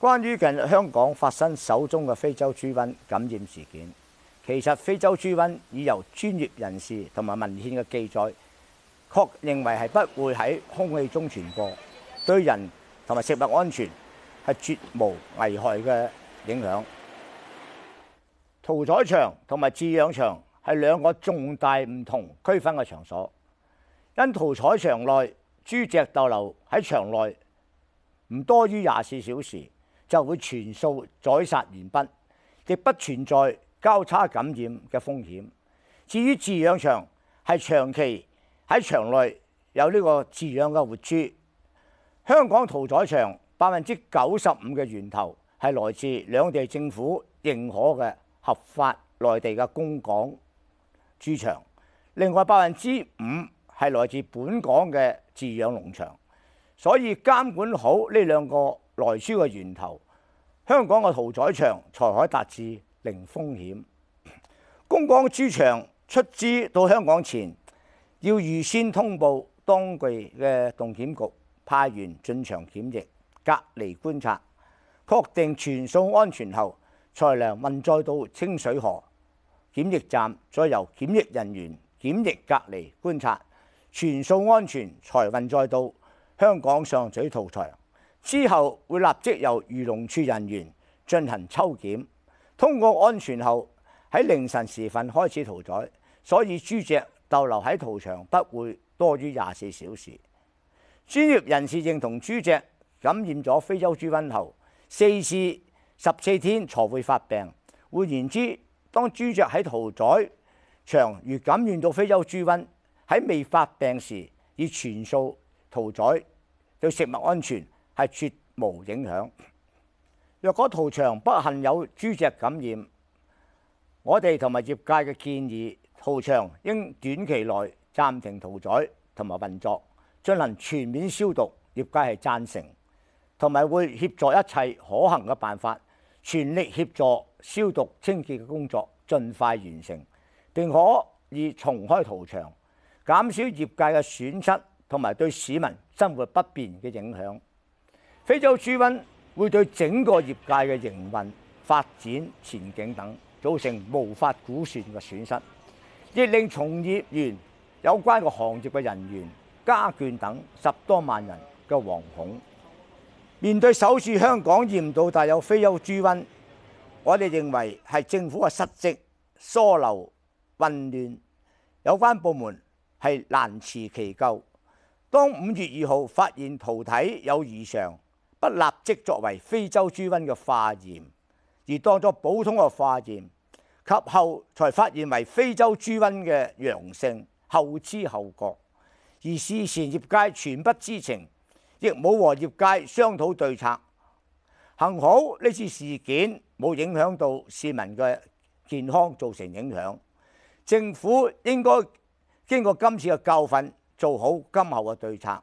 關於近日香港發生首宗嘅非洲豬瘟感染事件，其實非洲豬瘟已由專業人士同埋文獻嘅記載確認為係不會喺空氣中傳播，對人同埋食物安全係絕無危害嘅影響。屠宰場同埋飼養場係兩個重大唔同區分嘅場所，因屠宰場內豬隻逗留喺場內唔多於廿四小時，就會全數宰殺完畢，亦不存在交叉感染嘅風險。至於飼養場係長期喺場內有呢個飼養嘅活豬，香港屠宰場百分之九十五嘅源頭係來自兩地政府認可嘅合法內地嘅供港豬場，另外百分之五係來自本港嘅飼養農場，所以監管好呢兩個來豬嘅源頭，香港嘅屠宰場才可達至零風險。公港豬場出豬到香港前，要預先通報當地嘅動檢局派員進場檢疫隔離觀察，確定全數安全後，才能運載到清水河檢疫站，再由檢疫人員檢疫隔離觀察，全數安全才運載到香港上水屠宰。之後會立即由漁農署人員進行抽檢，通過安全後喺凌晨時分開始屠宰，所以豬隻逗留喺屠場不會多於廿四小時。專業人士認同豬隻感染咗非洲豬瘟後，四至十四天才會發病。換言之，當豬隻喺屠宰場如感染到非洲豬瘟喺未發病時，以全數屠宰對食物安全。係絕無影響。若果屠場不幸有豬隻感染，我哋同埋業界嘅建議，屠場應短期內暫停屠宰同埋運作，進行全面消毒。業界係贊成，同埋會協助一切可行嘅辦法，全力協助消毒清潔嘅工作，盡快完成，並可以重開屠場，減少業界嘅損失，同埋對市民生活不便嘅影響。非洲豬瘟會對整個業界嘅營運、發展前景等造成無法估算嘅損失，亦令從業員、有關嘅行業嘅人員、家眷等十多萬人嘅惶恐。面對首次香港驗到帶有非洲豬瘟，我哋認為係政府嘅失職、疏漏、混亂，有關部門係難辭其咎。當五月二號發現屠體有異常。不立即作為非洲豬瘟嘅化驗，而當作普通嘅化驗，及後才發現為非洲豬瘟嘅陽性，後知後覺，而事前業界全不知情，亦冇和業界商討對策。幸好呢次事件冇影響到市民嘅健康，造成影響。政府應該經過今次嘅教訓，做好今後嘅對策。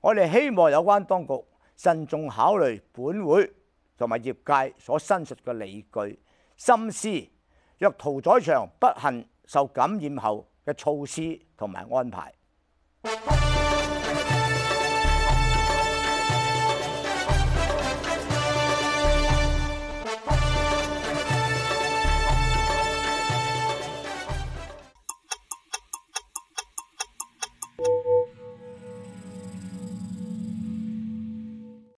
我哋希望有關當局。慎重考慮本會同埋業界所申述嘅理據，深思，若屠宰場不幸受感染後嘅措施同埋安排。